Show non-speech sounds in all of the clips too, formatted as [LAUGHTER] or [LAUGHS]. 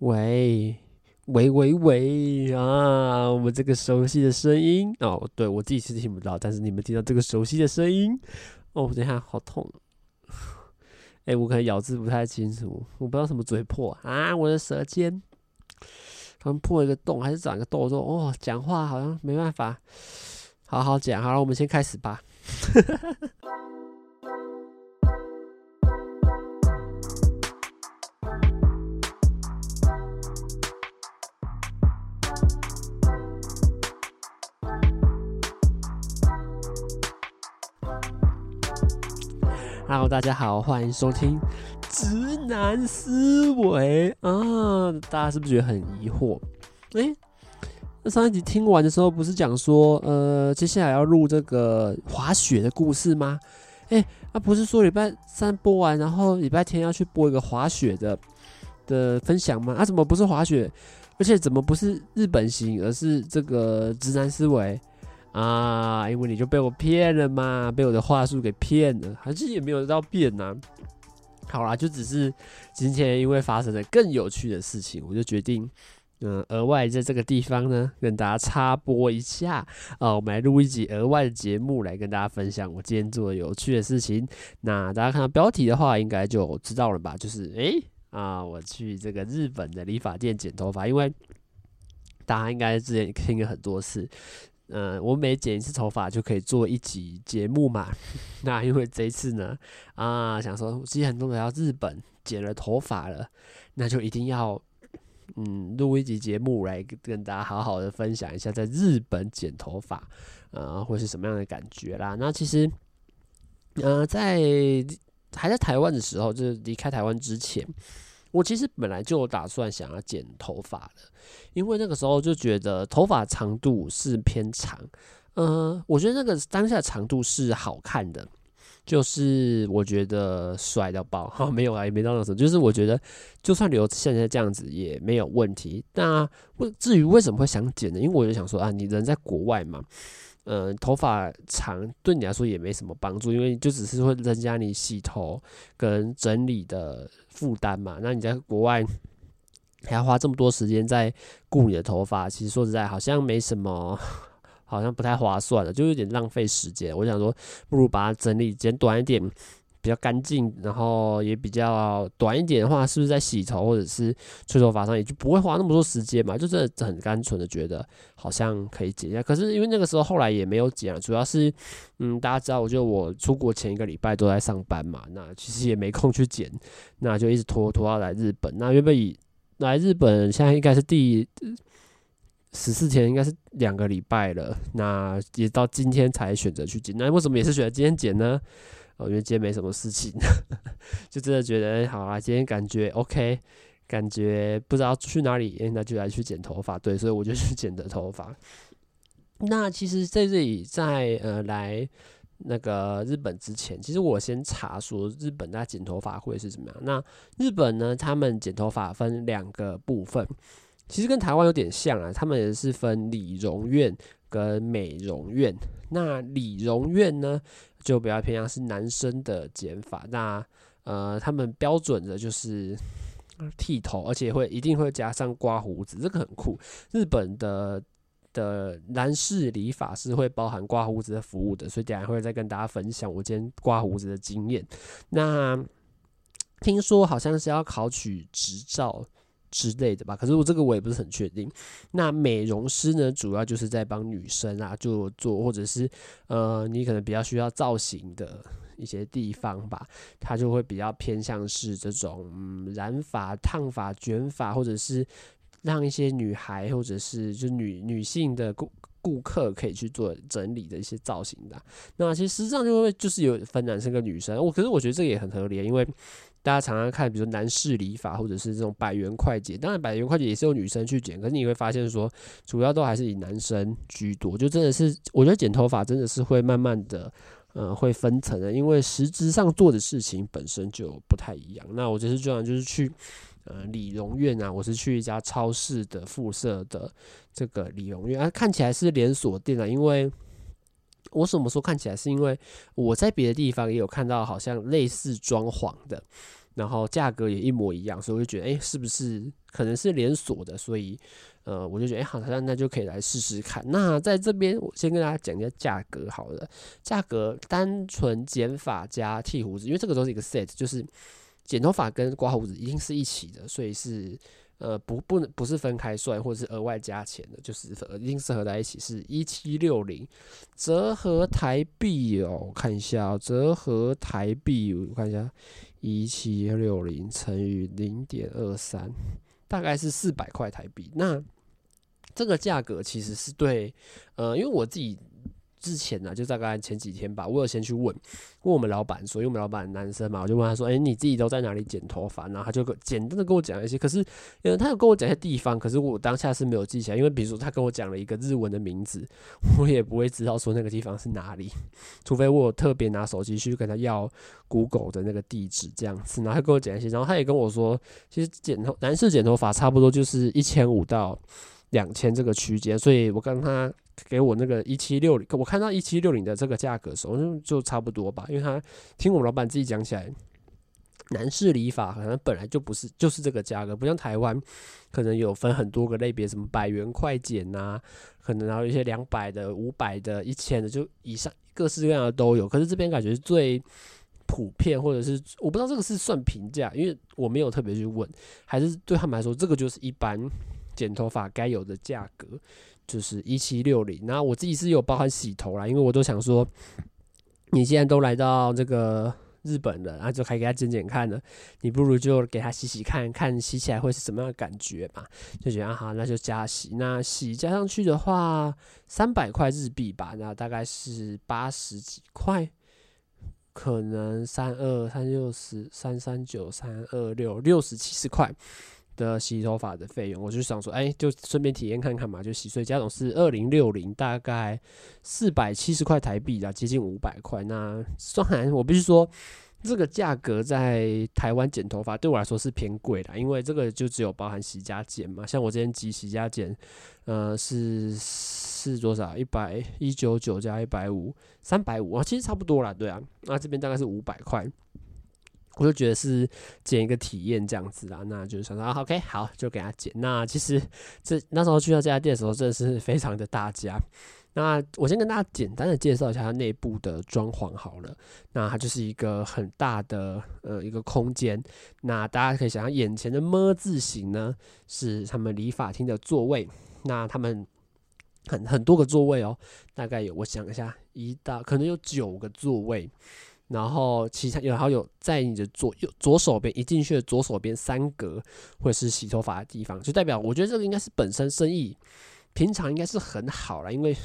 喂喂喂喂啊！我們這個熟悉的聲音哦，對我自己是聽不到，但是你們聽到這個熟悉的聲音哦。等一下好痛，哎，我可能咬字不太清楚，我不知道什麼嘴破啊，我的舌尖好像破了個洞，還是長了個痘痘哦，講話好像沒辦法，好好講好，好了，我們先開始吧。 [LAUGHS] Hello，大家好，歡迎收聽直男思維啊！大家是不是覺得很疑惑？誒、欸，那上一集聽完的時候，不是講說呃，接下來要錄這個滑雪的故事嗎？誒、欸，那、啊、不是說禮拜三播完，然後禮拜天要去播一個滑雪的的分享嗎？啊，怎麼不是滑雪？而且怎麼不是日本行，而是這個直男思維？啊，因為你就被我騙了嘛，被我的話術給騙了，還是也沒有到變呢、啊。好啦，就只是今天因為發生了更有趣的事情，我就決定，嗯，額外在這個地方呢跟大家插播一下哦、啊，我們來錄一集額外的節目來跟大家分享我今天做的有趣的事情。那大家看到標題的話，應該就知道了吧？就是哎、欸、啊，我去這個日本的理髮店剪頭髮，因為大家應該之前聽了很多次。嗯、呃，我每剪一次頭髮就可以做一集節目嘛。 [LAUGHS] 那因為這一次呢，啊、呃，想說既然都來到日本剪了頭髮了，那就一定要嗯錄一集節目來跟大家好好的分享一下在日本剪頭髮啊、呃，會是什麼樣的感覺啦。那其實，呃，在還在台灣的時候，就是離開台灣之前。我其實本來就打算想要剪頭髮的，因為那個時候就覺得頭髮長度是偏長，呃，我覺得那個當下長度是好看的，就是我覺得帥到爆哈，啊，沒有啊，也沒到那種，就是我覺得就算留現在這樣子也沒有問題。那為至於為什麼會想剪呢？因為我就想說啊，你人在國外嘛。嗯，頭髮長對你來說也沒什麼幫助，因為就只是會增加你洗頭跟整理的負擔嘛。那你在國外還要花這麼多時間在顧你的頭髮，其實說實在好像沒什麼，好像不太划算了，就有點浪費時間。我想說，不如把它整理剪短一點。比較乾淨，然後也比較短一點的話，是不是在洗頭或者是吹頭髮上也就不會花那麼多時間嘛？就真的很單純的覺得好像可以剪一下。可是因為那個時候後來也沒有剪，啊，主要是嗯，大家知道，我覺得我出國前一個禮拜都在上班嘛，那其實也沒空去剪，那就一直拖拖到來日本。那原本以來日本現在應該是第十四天，應該是兩個禮拜了，那也到今天才選擇去剪。那為什麼也是選擇今天剪呢？哦，因為今天沒什麼事情， [LAUGHS] 就真的覺得，欸、好啊，今天感覺 OK，感覺不知道去哪裡，欸，那就來去剪頭髮。對，所以我就去剪的頭髮。那其實在這裡，在呃來那個日本之前，其實我先查說日本在剪頭髮會是怎麼樣。那日本呢，他們剪頭髮分兩個部分，其實跟台灣有點像啊，他們也是分理容院。跟美容院，那理容院呢，就比較偏向是男生的剪髮。那呃，他們標準的就是剃頭，而且會一定會加上刮鬍子，這個很酷。日本的的男士理髮師會包含刮鬍子的服務的，所以等一下會再跟大家分享我今天刮鬍子的經驗。那聽說好像是要考取執照。之類的吧，可是我這個我也不是很確定。那美容師呢，主要就是在幫女生啊，就做或者是呃，你可能比較需要造型的一些地方吧，他就會比較偏向是這種，嗯，染髮、燙髮、捲髮，或者是讓一些女孩或者是就女女性的顧顧客可以去做整理的一些造型的啊。那其實實際上就會就是有分男生跟女生，我可是我覺得這個也很合理，因為。大家常常看，比如說男士理髮，或者是這種百元快剪，當然百元快剪也是有女生去剪，可是你會發現說，主要都還是以男生居多。就真的是，我覺得剪頭髮真的是會慢慢的，呃，會分層的，因為實質上做的事情本身就不太一樣。那我就是這樣，就是去，呃，理容院啊，我是去一家超市的附設的這個理容院，啊，看起來是連鎖店啊，因為。我什麼時候看起來是，因為我在別的地方也有看到好像類似裝潢的，然後價格也一模一樣，所以我就覺得哎、欸，是不是可能是連鎖的？所以，呃，我就覺得哎、欸，好像那就可以來試試看。那在這邊我先跟大家講一下價格好了，價格單純剪髮加剃鬍子，因為這個都是一個 set，就是剪頭髮跟刮鬍子一定是一起的，所以是。呃，不，不，不是分開算，或者是額外加錢的，就是已經是合在一起是一七六零，折合台幣哦，看一下，折合台幣我看一下，一七六零乘以零點二三，大概是四百塊台幣。那這個價格其實是對，呃，因為我自己。之前呢，啊，就大概前幾天吧，我有先去問，問我們老闆，所以我們老闆男生嘛，我就問他說：“誒，你自己都在哪裡剪頭髮呢？”他就簡單的跟我講一些，可是，他又跟我講一些地方，可是我當下是沒有記起來，因為比如說他跟我講了一個日文的名字，我也不會知道說那個地方是哪裡，除非我有特別拿手機去跟他要 Google 的那個地址這樣子，然後他跟我講一些，然後他也跟我說，其實剪頭，男士剪頭髮差不多就是一千五到。兩千這個區間，所以我跟他給我那個一七六零，我看到一七六零的這個價格的時候就差不多吧，因為他聽我們老闆自己講起來，男士理髮可能本來就不是就是這個價格，不像台灣可能有分很多個類別，什麼百元快剪吶，可能然後一些兩百的、五百的、一千的就以上各式各樣的都有，可是這邊感覺是最普遍或者是我不知道這個是算平價，因為我沒有特別去問，還是對他們來說這個就是一般。剪頭髮該有的價格就是一七六零，然後我自己是有包含洗頭啦，因為我都想說，你既然都來到這個日本了，然後就還給他剪剪看了。你不如就給他洗洗看看洗起來會是什麼樣的感覺吧，就覺得啊哈，那就加洗，那洗加上去的話，三百塊日幣吧，那大概是八十幾塊，可能三二三六十三三九三二六六十七十塊，的洗頭髮的費用，我就想說，哎、欸，就順便體驗看看嘛，就洗。所以加總是二零六零，大概四百七十塊台幣啦，接近五百塊。那雖然我必須說，這個價格在台灣剪頭髮對我來說是偏貴的，因為這個就只有包含洗加剪嘛。像我之前擠洗加剪，呃，是是多少？一百一九九加一百五，三百五，其實差不多啦。對啊，那這邊大概是五百塊。我就覺得是剪一個體驗這樣子啊，那就是說啊，OK，好，就給他剪。那其實這那時候去到這家店的時候，真的是非常的大家。那我先跟大家簡單的介紹一下它內部的裝潢好了。那它就是一個很大的呃一個空間。那大家可以想象眼前的麼字形呢，是他們理髮廳的座位。那他們很很多個座位哦、喔，大概有我想一下，一到可能有九個座位。然後，其他有好有在你的左右左手邊一進去的左手邊三格，或者是洗頭髮的地方，就代表我覺得這個應該是本身生意平常應該是很好了，因為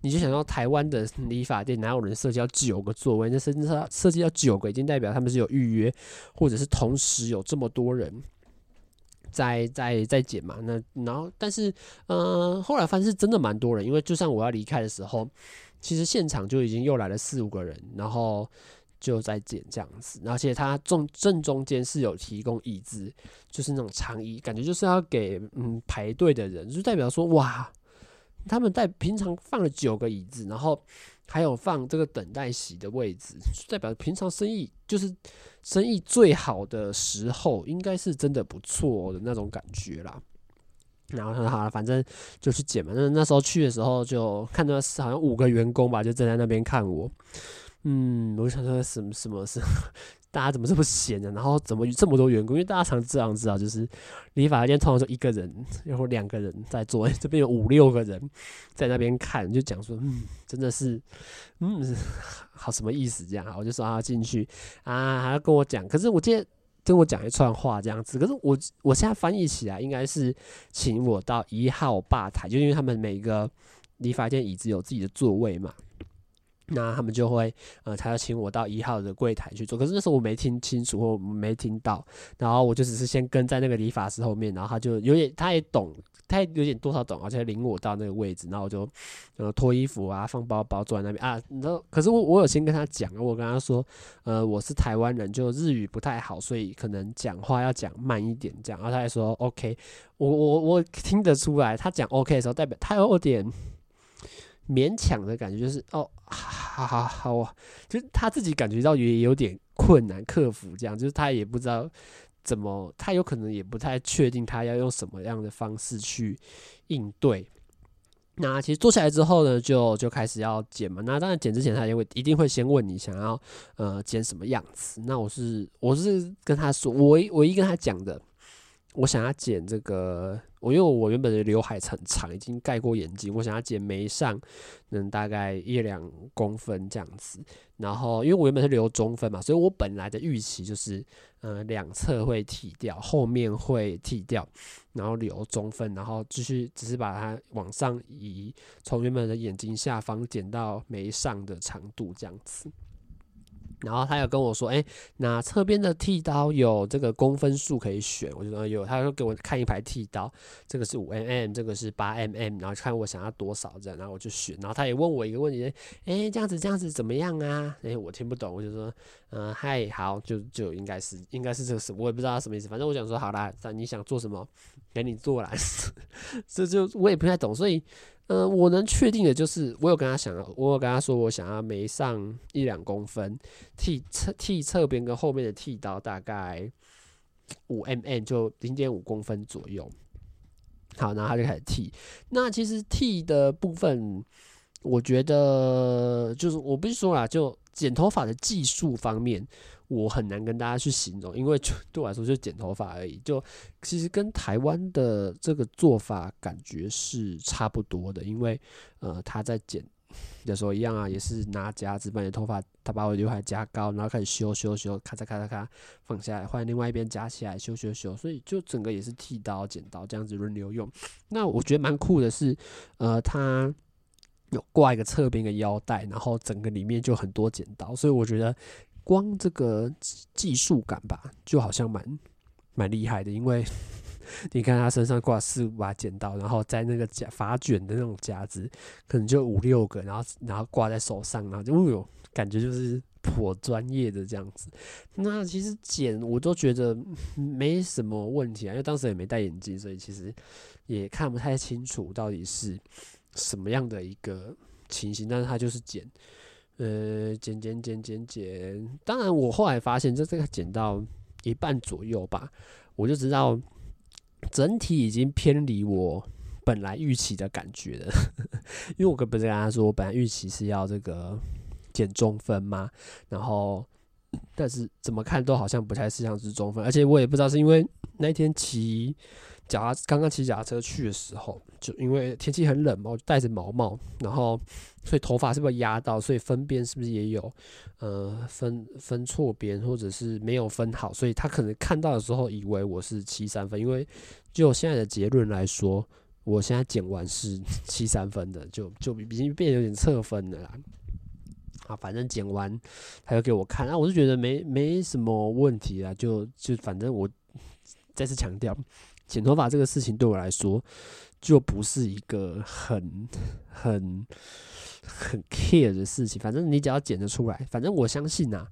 你就想到台灣的理髮店哪有人設計到九個座位？那甚至他設計到九個，已經代表他們是有預約，或者是同時有這麼多人在在在,在剪嘛？那然後，但是嗯、呃，後來發現是真的蠻多人，因為就算我要離開的時候，其實現場就已經又來了四五個人，然後。就在剪這樣子，而且他正中間是有提供椅子，就是那種長椅，感覺就是要給嗯排隊的人，就代表說，哇，他們在平常放了九個椅子，然後還有放這個等待席的位置，就代表平常生意就是生意最好的時候，應該是真的不錯的那種感覺啦。然後他說好了，反正就去剪嘛。那那時候去的時候，就看到好像五個員工吧，就站在那邊看我。嗯，我想說什麼？什麼事？大家怎麼這麼閒呢？然後怎麼有這麼多員工？因為大家常這樣子啊，就是理髮店通常是一個人，然後兩個人在坐，這邊有五六個人在那邊看，就講說，嗯，真的是，嗯，是好什麼意思這樣？我就說他進去啊，還要跟我講。可是我記得跟我講一串話這樣子，可是我我現在翻譯起來應該是請我到一號吧台，就是因為他們每個理髮店椅子有自己的座位嘛。那他們就會，呃，他要請我到一號的櫃檯去做，可是那時候我沒聽清楚，或沒聽到，然後我就只是先跟在那個理髮師後面，然後他就有點，他也懂，他也有點多少懂，而且領我到那個位置，然後我就，呃，脫衣服啊，放包包，坐在那邊啊，然後可是我我有先跟他講，我跟他說，呃，我是台灣人，就日語不太好，所以可能講話要講慢一點這樣，然後他還說 OK，我我我聽得出來，他講 OK 的時候代表他有點。勉強的感覺，就是哦，好好好，就是他自己感覺到也有點困難克服，這樣就是他也不知道怎麼，他有可能也不太確定他要用什麼樣的方式去應對。那其實坐下來之後呢，就就開始要剪嘛。那當然剪之前他也會一定會先問你想要呃剪什麼樣子。那我是我是跟他說，我唯一，唯一跟他講的。我想要剪這個，我因為我原本的劉海很長，已經蓋過眼睛。我想要剪眉上，能大概一兩公分這樣子。然後，因為我原本是留中分嘛，所以我本來的預期就是，嗯、呃，兩側會剃掉，後面會剃掉，然後留中分，然後繼續只是把它往上移，從原本的眼睛下方剪到眉上的長度這樣子。然後他有跟我說，哎，那側邊的剃刀有這個公分數可以選，我就說有。他說，給我看一排剃刀，這個是五 mm，這個是八 mm，然後看我想要多少這樣，然後我就選。然後他也問我一個問題，哎，這樣子這樣子怎麼樣啊？哎，我聽不懂，我就說，嗯、呃，嗨，好，就就應該是應該是這個什，我也不知道他什麼意思，反正我想說，好啦。那你想做什麼，給你做啦。 [LAUGHS] 這就我也不太懂，所以。呃，我能確定的就是，我有跟他想要，我有跟他說，我想要眉上一兩公分，剃側剃側邊跟後面的剃刀大概五 mm，就零點五公分左右。好，然後他就開始剃。那其實剃的部分，我覺得就是我不是說了，就剪頭髮的技術方面。我很難跟大家去形容，因為就對我來說就剪頭髮而已。就其實跟台灣的這個做法感覺是差不多的，因為呃，他在剪的時候一樣啊，也是拿夾子把你頭髮，他把我劉海夾高，然後開始修修修，咔嚓咔嚓咔，放下來，換另外一邊夾起來，修修修，所以就整個也是剃刀、剪刀這樣子輪流用。那我覺得蠻酷的是，呃，他有掛一個側邊的腰帶，然後整個裡面就很多剪刀，所以我覺得。光這個技術感吧，就好像蠻蠻厲害的，因為你看他身上掛四五把剪刀，然後在那個夾髮捲的那種夾子，可能就五六個，然後然後掛在手上，然後就哦喲，感覺就是頗專業的這樣子。那其實剪我都覺得沒什麼問題啊，因為當時也沒戴眼鏡，所以其實也看不太清楚到底是什麼樣的一個情形，但是他就是剪。呃，剪剪剪剪剪，當然我後來發現，就這個剪到一半左右吧，我就知道整體已經偏離我本來預期的感覺了。因為我根本就跟他說，我本來預期是要這個剪中分嘛，然後但是怎麼看都好像不太像是中分，而且我也不知道是因為那天騎。腳踏剛剛騎腳踏車去的時候，就因為天氣很冷嘛，我就戴着毛帽，然後所以頭髮是不是壓到，所以分邊是不是也有呃分分錯邊，或者是沒有分好，所以他可能看到的時候以為我是七三分，因為就現在的結論來說，我現在剪完是七三分的，就就已經變得有點側分的啦。啊，反正剪完他就給我看，那、啊、我就覺得沒沒什麼問題了。就就反正我再次強調。剪頭髮這個事情對我來說就不是一個很、很、很 care 的事情。反正你只要剪得出來，反正我相信吶、啊，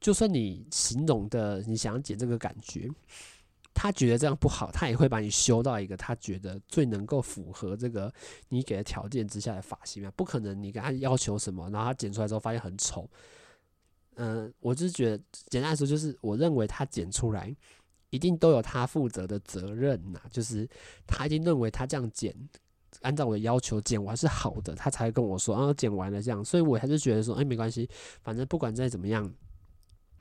就算你形容的你想要剪這個感覺，他覺得這樣不好，他也會把你修到一個他覺得最能夠符合這個你給的條件之下的髮型啊。不可能你給他要求什麼，然後他剪出來之後發現很醜。嗯，我就覺得簡單來說，就是我認為他剪出來。一定都有他負責的責任吶、啊，就是他已經認為他這樣剪，按照我的要求剪完是好的，他才跟我說，啊，剪完了這樣，所以我還是覺得說，哎、欸，沒關係，反正不管再怎麼樣，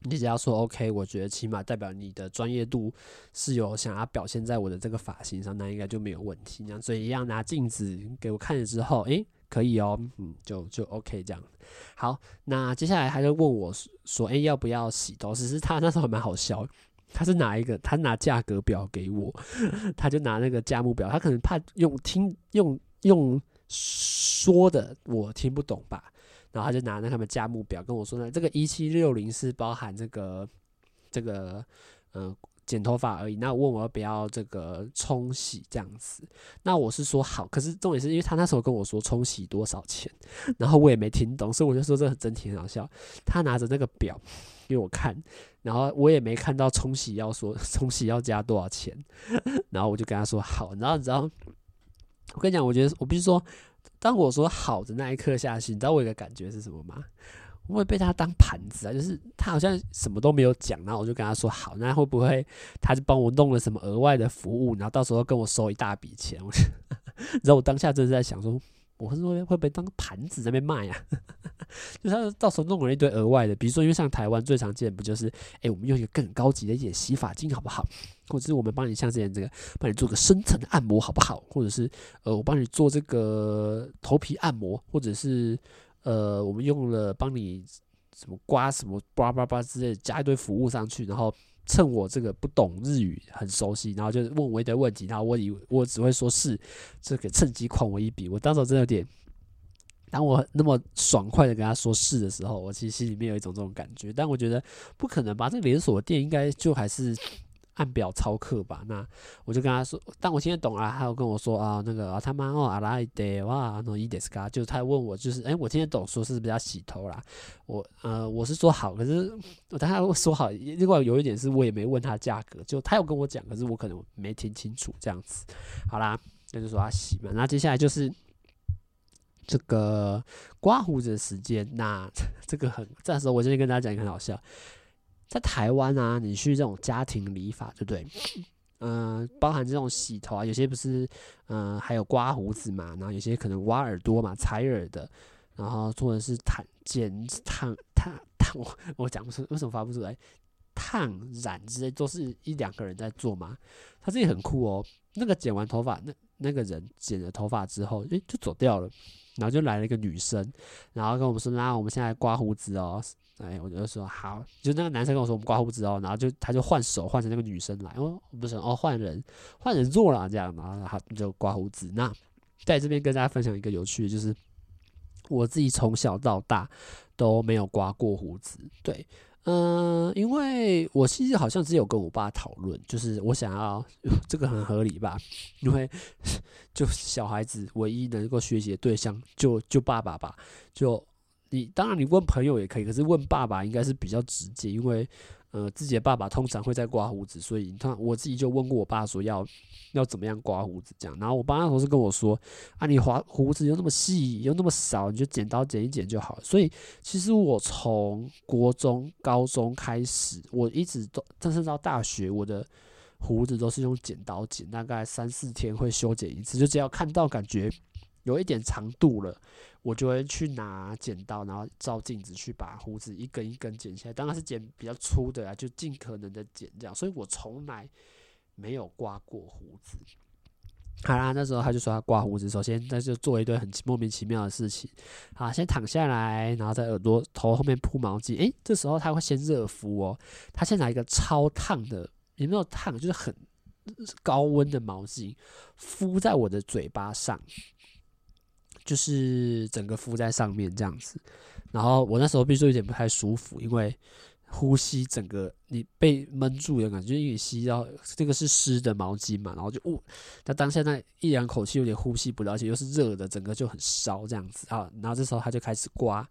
你只要說 OK，我覺得起碼代表你的專業度是有想要表現在我的這個髮型上，那應該就沒有問題。這樣，所以一樣拿鏡子給我看了之後，哎、欸，可以哦、喔嗯，就就 OK 這樣。好，那接下來他就問我說，哎、欸，要不要洗頭？其實他那時候還蠻好笑。他是拿一個？他拿價格表給我， [LAUGHS] 他就拿那個價目表。他可能怕用聽用用說的我聽不懂吧，然後他就拿那他們價目表跟我說呢，這個一七六零是包含這個這個嗯、呃、剪頭髮而已。那我問我要不要這個沖洗這樣子，那我是說好。可是重點是因為他那時候跟我說沖洗多少錢，然後我也沒聽懂，所以我就說這個真挺好笑。他拿着那個表。給我看，然後我也沒看到沖洗，要說沖洗要加多少錢，然後我就跟他說好，然後你知道，我跟你講，我覺得我必須說，當我說好的那一刻下去，你知道我有個感覺是什麼嗎？我會被他當盤子啊，就是他好像什麼都沒有講，然後我就跟他說好，那會不會他就幫我弄了什麼額外的服務，然後到時候跟我收一大筆錢？然後我當下就是在想說。我是說會不會當盤子在那邊賣啊， [LAUGHS] 就他到時候弄了一堆額外的，比如說因為像台灣最常見不就是，誒，我們用一個更高級的一些洗髮精好不好？或者是我們幫你像之前這個幫你做個深層的按摩好不好？或者是呃我幫你做這個頭皮按摩，或者是呃我們用了幫你什麼刮什麼叭叭叭之類的加一堆服務上去，然後。趁我這個不懂日語很熟悉，然後就問我一堆問題，然後我以為我只會說是，這個趁機誆我一筆，我當時真的有點，當我那麼爽快的跟他說是的時候，我其實心裡面有一種這種感覺，但我覺得不可能吧，這個連鎖店應該就還是。按表操課吧，那我就跟他說。但我聽得懂啊。他有跟我說啊、哦，那個啊，他媽哦，阿拉一得哇，那一點是干，就他問我，就是誒、欸，我聽得懂說是不是要洗頭啦。我呃，我是說好，可是我他要說好。另外有一點是我也沒問他價格，就他要跟我講，可是我可能沒聽清楚這樣子。好啦，那就說他洗嘛。那接下來就是這個刮鬍子的時間。那這個很，這個、時候我今天跟大家講一個很好笑。在台灣啊，你去這種家庭理髮，對不對？嗯、呃，包含這種洗頭啊，有些不是，嗯、呃，還有刮鬍子嘛，然後有些可能挖耳朵嘛、採耳的，然後做的是燙、剪燙、燙燙，我講不出，為什麼發不出來？燙、欸、染之類都是一兩個人在做嘛，他自己很酷哦。那個剪完頭髮，那那個人剪了頭髮之後，誒、欸，就走掉了，然後就來了一個女生，然後跟我們說：“那、啊、我們現在刮鬍子哦。”哎，我就說好，就那個男生跟我說我們刮鬍子哦，然後就他就換手換成那個女生來，我不想，哦不是哦，換人換人做了這樣嘛，然後他就刮鬍子。那在這邊跟大家分享一個有趣的，就是我自己從小到大都沒有刮過鬍子。對，嗯、呃，因為我其實好像只有跟我爸討論，就是我想要這個很合理吧，因為就小孩子唯一能夠學習的對象就就爸爸吧，就。你當然，你問朋友也可以，可是問爸爸應該是比較直接，因為，呃，自己的爸爸通常會在刮鬍子，所以你看，我自己就問過我爸說要要怎麼樣刮鬍子這樣，然後我爸那時候是跟我說啊，你刮鬍子又那麼細，又那麼少，你就剪刀剪一剪就好。所以其實我從國中、高中開始，我一直都，但是到大學，我的鬍子都是用剪刀剪，大概三四天會修剪一次，就只要看到感覺。有一點長度了，我就會去拿剪刀，然後照鏡子去把鬍子一根一根剪下來。當然是剪比較粗的啊，就儘可能的剪掉。所以我從來沒有刮過鬍子。好啦，那時候他就說他刮鬍子，首先他就做一堆很莫名其妙的事情。好，先躺下來，然後在耳朵頭後面鋪毛巾。誒、欸，這時候他會先熱敷哦，他先拿一個超燙的，也沒有燙，就是很高溫的毛巾敷在我的嘴巴上。就是整個敷在上面這樣子，然後我那時候必須說，有點不太舒服，因為呼吸整個你被悶住的感覺，因為你吸到這個是濕的毛巾嘛，然後就嗚，他當下那一兩口氣有點呼吸不了，而且又是熱的，整個就很燒這樣子啊，然後這時候他就開始刮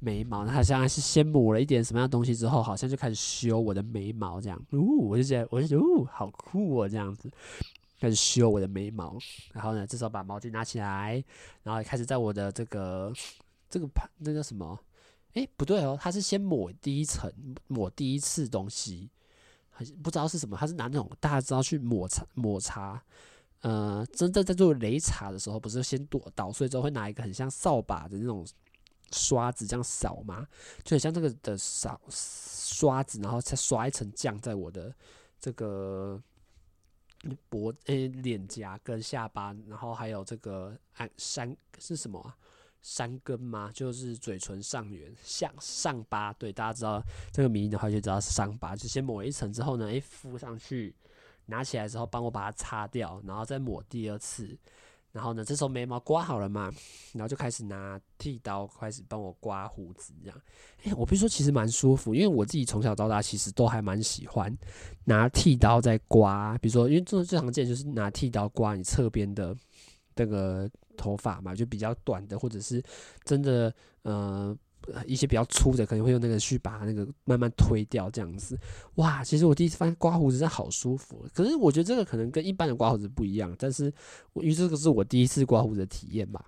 眉毛，他現在是先抹了一點什麼樣的東西之後，好像就開始修我的眉毛這樣，嗚，我就覺得我就覺得嗚，好酷哦、喔、這樣子。開始修我的眉毛，然後呢，這時候把毛巾拿起來，然後也開始在我的這個這個盤，那個什麽？誒、欸，不對哦，他是先抹第一層，抹第一次東西，還不知道是什麼，他是拿那種大家知道去抹茶抹茶。呃，真的在做擂茶的時候，不是先剁搗碎之後會拿一個很像掃把的那種刷子這樣掃嗎？就很像這個的掃刷子，然後再刷一層醬在我的這個。脖誒，臉、欸、頰跟下巴，然後還有這個山是什麼、啊、山根嗎？就是嘴唇上緣像上巴。對，大家知道這個名的話，就知道是上巴。就先抹一層之後呢，誒、欸，敷上去，拿起來之後幫我把它擦掉，然後再抹第二次。然後呢，這時候眉毛刮好了嘛，然後就開始拿剃刀開始幫我刮鬍子，這樣。哎，我必須說，其實蠻舒服，因為我自己從小到大其實都還蠻喜歡拿剃刀在刮。比如說，因為這種最常見就是拿剃刀刮你側邊的這個頭髮嘛，就比較短的，或者是真的，嗯、呃。一些比較粗的，可能會用那個去把那個慢慢推掉，這樣子。哇，其實我第一次發現刮鬍子真的好舒服，可是我覺得這個可能跟一般的刮鬍子不一樣，但是因為這個是我第一次刮鬍子的體驗吧，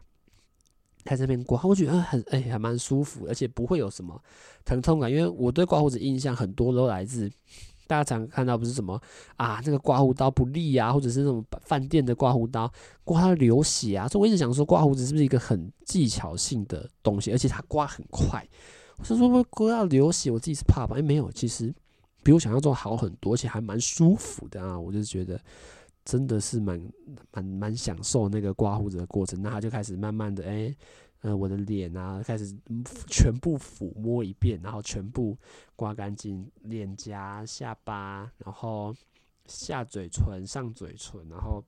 在這邊刮，我覺得很誒、欸，還蠻舒服，而且不會有什麼疼痛感，因為我對刮鬍子印象很多都來自。大家常看到不是什麼啊，那個刮鬍刀不利啊，或者是那種飯店的刮鬍刀刮它流血啊。所以我一直想說，刮鬍子是不是一個很技巧性的東西，而且它刮很快。我是說，刮到流血，我自己是怕吧？哎，沒有，其實比我想象中好很多，而且還蠻舒服的啊。我就是覺得真的是蠻蠻蠻享受那個刮鬍子的過程。那他就開始慢慢的哎、欸。呃，我的臉啊，開始全部撫摸一遍，然後全部刮乾淨，臉頰、下巴，然後下嘴唇、上嘴唇，然後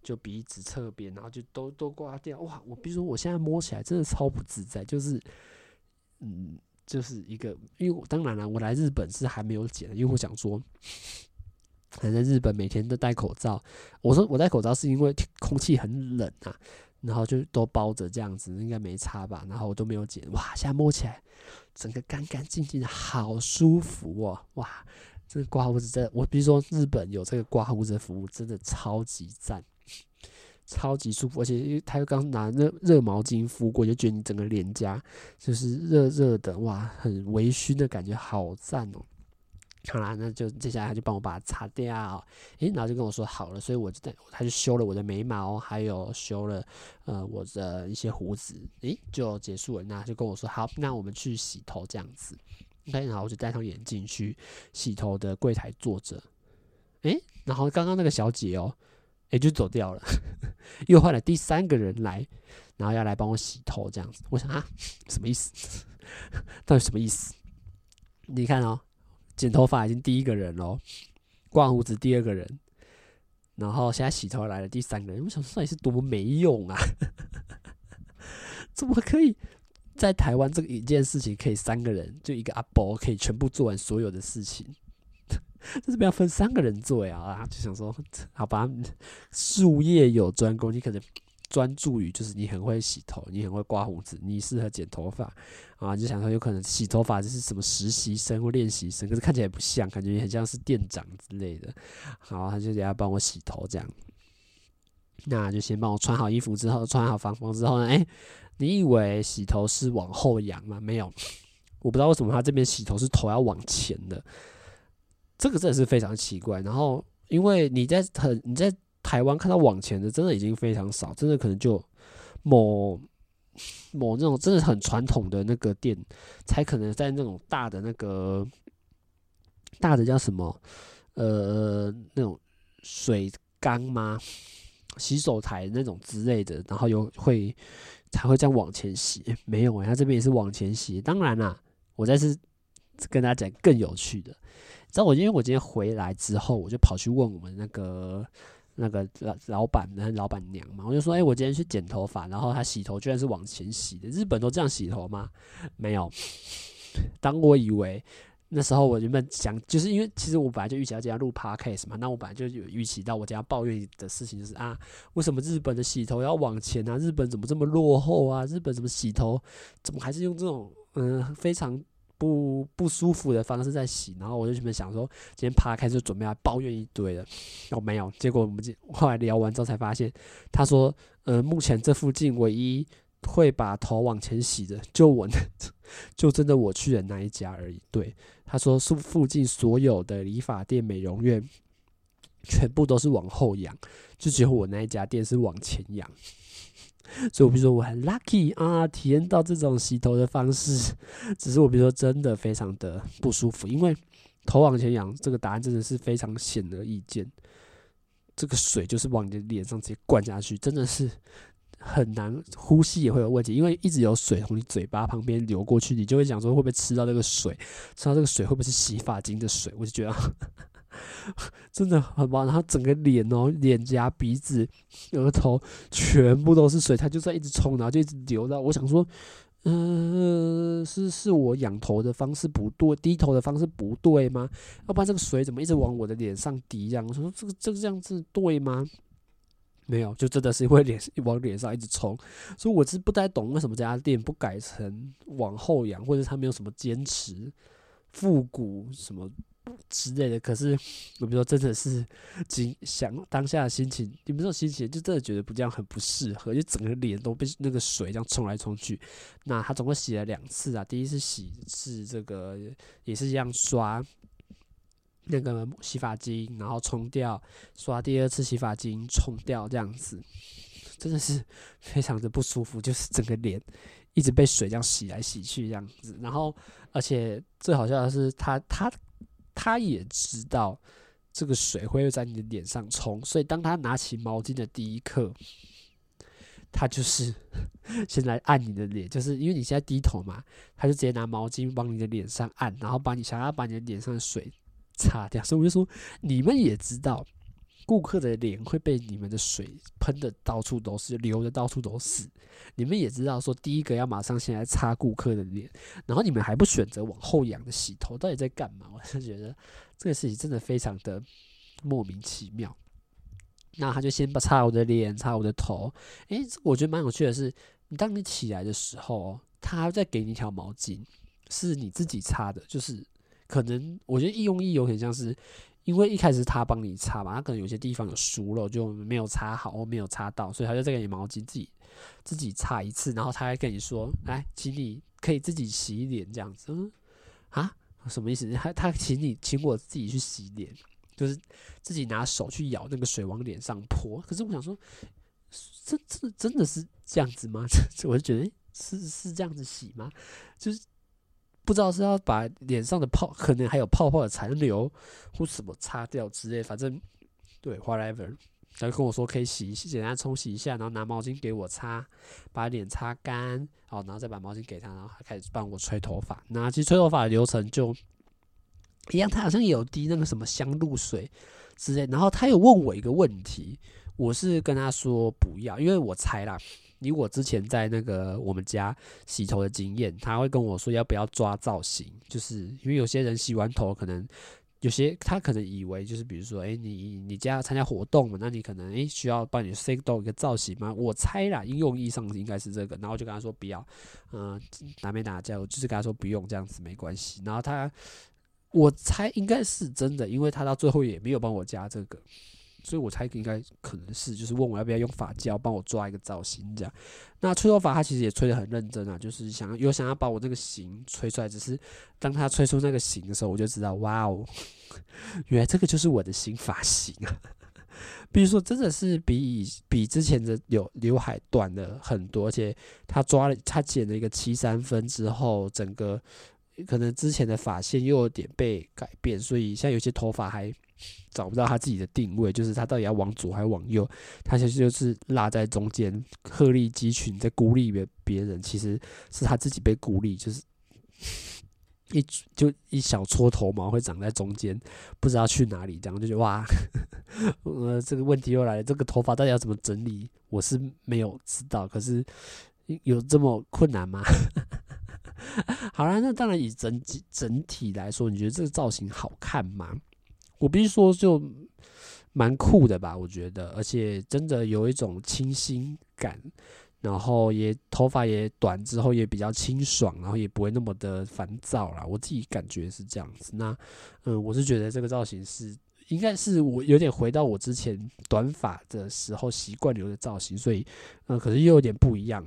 就鼻子側邊，然後就都都刮掉。哇！我比如說，我現在摸起來真的超不自在，就是，嗯，就是一個，因為我當然了、啊，我來日本是還沒有剪的，因為我想說，反正日本每天都戴口罩。我說我戴口罩是因為空氣很冷啊。然後就都包着這樣子，應該沒差吧？然後我都沒有剪，哇！現在摸起來，整個乾乾淨淨的，好舒服哦！哇，這個刮鬍子在我比如說日本有這個刮鬍子的服務，真的超級讚，超級舒服，而且因為他剛拿熱熱毛巾敷過，就覺得你整個臉頰就是熱熱的，哇，很微醺的感覺，好讚哦！好啦，那就接下來他就幫我把它擦掉，哦，誒、欸，然後就跟我說好了，所以我就在，他就修了我的眉毛，還有修了呃我的一些鬍子，誒、欸，就結束了，那就跟我說好，那我們去洗頭這樣子，OK，然後我就戴上眼鏡去洗頭的櫃檯坐着，誒、欸，然後剛剛那個小姐哦，誒、欸，就走掉了， [LAUGHS] 又換了第三個人來，然後要來幫我洗頭這樣子，我想啊，什麼意思？到底什麼意思？你看哦。剪頭髮已經第一個人了，刮鬍子第二個人，然後現在洗頭來了第三個人。我想說到底是多麼沒用啊？ [LAUGHS] 怎麼可以在台灣這個一件事情可以三個人，就一個阿伯可以全部做完所有的事情？ [LAUGHS] 但是不要分三個人做呀？啊就想說，好吧，術業有專攻，你可能。專注於就是你很會洗頭，你很會刮鬍子，你適合剪頭髮啊！就想說有可能洗頭髮就是什麼實習生或練習生，可是看起來不像，感覺很像是店長之類的。好，他就得要幫我洗頭這樣。那就先幫我穿好衣服之後，穿好防風之後呢，誒、欸，你以為洗頭是往後仰嗎？沒有，我不知道為什麼他這邊洗頭是頭要往前的，這個真的是非常奇怪。然後因為你在很你在。台灣看到往前的真的已經非常少，真的可能就某某那種真的很傳統的那個店，才可能在那種大的那個大的叫什麼呃，那種水缸嗎？洗手台那種之類的，然後又會才會這樣往前洗，欸。沒有、哎、欸，他這邊也是往前洗。當然啦，我再次跟大家講更有趣的。知道我因為我今天回來之後，我就跑去問我們那個。那個老老闆，那老闆娘嘛，我就說，哎、欸，我今天去剪頭髮，然後他洗頭居然是往前洗的。日本都這樣洗頭嗎？沒有。當我以為那時候，我原本想，就是因為其實我本來就預期到今天要這家錄 p c a s t 嘛，那我本來就有預期到，我這樣抱怨的事情就是啊，為什麼日本的洗頭要往前啊？日本怎麼這麼落後啊？日本怎麼洗頭，怎麼還是用這種嗯、呃、非常。不不舒服的方式在洗，然後我就準備想說，今天爬開始就準備來抱怨一堆了。哦，沒有，結果我們後來聊完之後才發現，他說，呃，目前這附近唯一會把頭往前洗的，就我那，就真的我去的那一家而已。對，他說是附近所有的理髮店、美容院，全部都是往後仰，就只有我那一家店是往前仰。所以，我比如說我很 lucky 啊，體驗到這種洗頭的方式，只是我比如說真的非常的不舒服，因為頭往前仰，這個答案真的是非常顯而易見。這個水就是往你的臉上直接灌下去，真的是很難呼吸，也會有問題，因為一直有水從你嘴巴旁邊流過去，你就會想說會不會吃到那個水，吃到這個水會不會是洗髮精的水？我就覺得。 [LAUGHS] 真的很忙，然後整個臉哦、喔，臉頰、鼻子、額頭全部都是水，它就在一直沖，然後就一直流到。到我想說，嗯、呃，是是我仰頭的方式不對，低頭的方式不對嗎？要不然這個水怎麼一直往我的臉上滴這樣？然後我說這個這個樣子對嗎？沒有，就真的是因為臉往臉上一直沖，所以我是不太懂為什麼這家店不改成往後仰，或者他沒有什麼堅持復古什麼。之類的，可是我比如說，真的是僅想當下的心情，你們這種心情就真的覺得不這樣很不適合，就整個臉都被那個水這樣沖來沖去。那他總共洗了兩次啊，第一次洗是這個也是一樣刷那個洗髮精，然後沖掉，刷第二次洗髮精沖掉這樣子，真的是非常的不舒服，就是整個臉一直被水這樣洗來洗去這樣子。然後而且最好笑的是他他。他也知道這個水會又在你的臉上沖，所以當他拿起毛巾的第一刻，他就是先來按你的臉，就是因為你現在低頭嘛，他就直接拿毛巾往你的臉上按，然後把你想要把你的臉上的水擦掉。所以我就說，你們也知道。顧客的臉會被你們的水噴的到處都是，流的到處都是。你們也知道說，第一個要馬上先來擦顧客的臉，然後你們還不選擇往後仰的洗頭，到底在幹嘛？我就覺得這個事情真的非常的莫名其妙。那他就先不擦我的臉，擦我的頭。誒、欸，我覺得蠻有趣的是，當你起來的時候，他再給你一條毛巾，是你自己擦的，就是可能我覺得易用易用，很像是。因為一開始他幫你擦嘛，他可能有些地方有熟了就沒有擦好，或沒有擦到，所以他就再給你毛巾自己自己擦一次，然後他還跟你說：“來，請你可以自己洗臉這樣子。嗯”啊，什麼意思？他他請你請我自己去洗臉，就是自己拿手去舀那個水往臉上潑。可是我想說，真真真的是這樣子嗎？這 [LAUGHS] 我就覺得，欸、是是這樣子洗嗎？就是。不知道是要把臉上的泡，可能還有泡泡的殘留或什麼擦掉之類，反正對 whatever，他就跟我說可以洗一洗，簡單沖洗一下，然後拿毛巾給我擦，把臉擦乾，好，然後再把毛巾給他，然後他開始幫我吹頭髮。那其實吹頭髮的流程就一樣，他好像有滴那個什麼香露水之類，然後他又問我一個問題，我是跟他說不要，因為我猜啦。以我之前在那個我們家洗頭的經驗，他會跟我說要不要抓造型，就是因為有些人洗完頭可能有些他可能以為就是比如說，誒、欸，你你家要參加活動嘛，那你可能誒、欸、需要幫你 set 到一個造型嘛。我猜啦，應用意義上應該是這個，然後就跟他說不要，嗯、呃，打沒打架，我就是跟他說不用這樣子沒關係，然後他我猜應該是真的，因為他到最後也沒有幫我加這個。所以我猜應該可能是，就是問我要不要用髮膠幫我抓一個造型這樣。那吹頭髮他其實也吹得很認真啊，就是想要有想要把我這個型吹出來。只是當他吹出那個型的時候，我就知道，哇哦，原來這個就是我的新髮型啊！比如說，真的是比以比之前的有劉海短了很多，而且他抓了他剪了一個七三分之後，整個可能之前的髮線又有點被改變，所以像有些頭髮還。找不到他自己的定位，就是他到底要往左還是往右，他其實就是落在中間，鶴立雞群，在孤立別別人，其實是他自己被孤立，就是一就一小撮頭毛會長在中間，不知道去哪裡，這樣就覺得哇，呵呵，呃，這個問題又來了，這個頭髮到底要怎麼整理？我是沒有知道，可是有這麼困難嗎？ [LAUGHS] 好了，那當然以整整體來說，你覺得這個造型好看嗎？我必須說，就蠻酷的吧，我覺得，而且真的有一種清新感，然後也頭髮也短之後也比較清爽，然後也不會那麼的煩躁啦，我自己感覺是這樣子。那，嗯，我是覺得這個造型是應該是我有點回到我之前短髮的時候習慣留的造型，所以，嗯，可是又有點不一樣。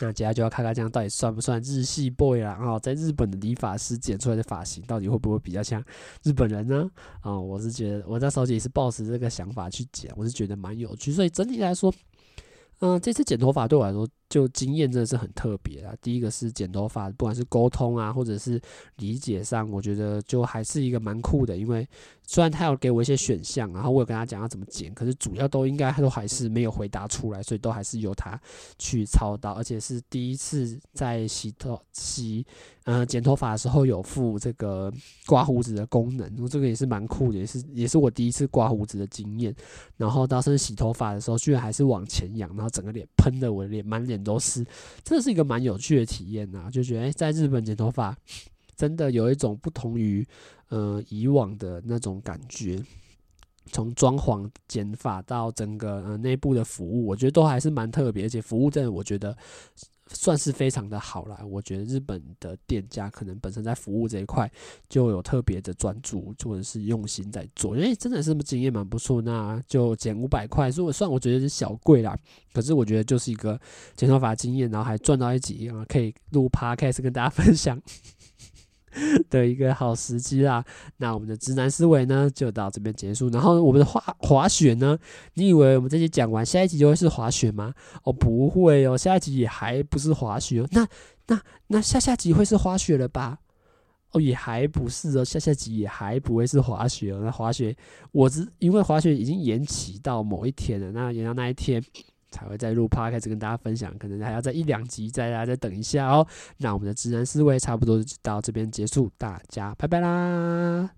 那接下來就要看看這樣到底算不算日系 boy 啦喔，在日本的理髮師剪出來的髮型到底會不會比較像日本人呢？啊，我是覺得我那時候也是抱持這個想法去剪，我是覺得蠻有趣。所以整體來說，嗯，這次剪頭髮對我來說就經驗真的是很特別啊。第一個是剪頭髮，不管是溝通啊，或者是理解上，我覺得就還是一個蠻酷的，因為。雖然他有給我一些選項，然後我有跟他講要怎麼剪，可是主要都應該他都還是沒有回答出來，所以都還是由他去操刀。而且是第一次在洗頭洗呃剪頭髮的時候有附這個刮鬍子的功能，這個也是蠻酷的，也是也是我第一次刮鬍子的經驗。然後到甚至洗頭髮的時候，居然還是往前仰，然後整個臉噴得，我臉滿臉都是，這是一個蠻有趣的體驗吶、啊。就覺得、欸、在日本剪頭髮真的有一種不同於。呃、嗯，以往的那種感覺，從裝潢、剪髮，到整個呃嗯、內部的服務，我覺得都還是蠻特別，而且服務真的，我覺得算是非常的好啦。我覺得日本的店家可能本身在服務這一塊就有特別的專注，或者是用心在做、欸，因為真的是經驗蠻不錯。那就減五百塊，如果算我覺得是小貴啦，可是我覺得就是一個剪頭髮經驗，然後還賺到一集，然後可以錄 podcast 跟大家分享。的 [LAUGHS] 一個好時機啦，那我們的直男思維呢，就到這邊結束。然後我們的滑滑雪呢，你以為我們這集講完，下一集就會是滑雪嗎？哦，不會哦，下一集也還不是滑雪哦。那那那下下集會是滑雪了吧？哦，也還不是哦，下下集也還不會是滑雪哦。那滑雪，我只因為滑雪已經延期到某一天了。那延到那一天，才會在錄趴開始跟大家分享，可能還要再一兩集，大家再等一下哦、喔。那我們的直男思維差不多就到這邊結束，大家拜拜啦。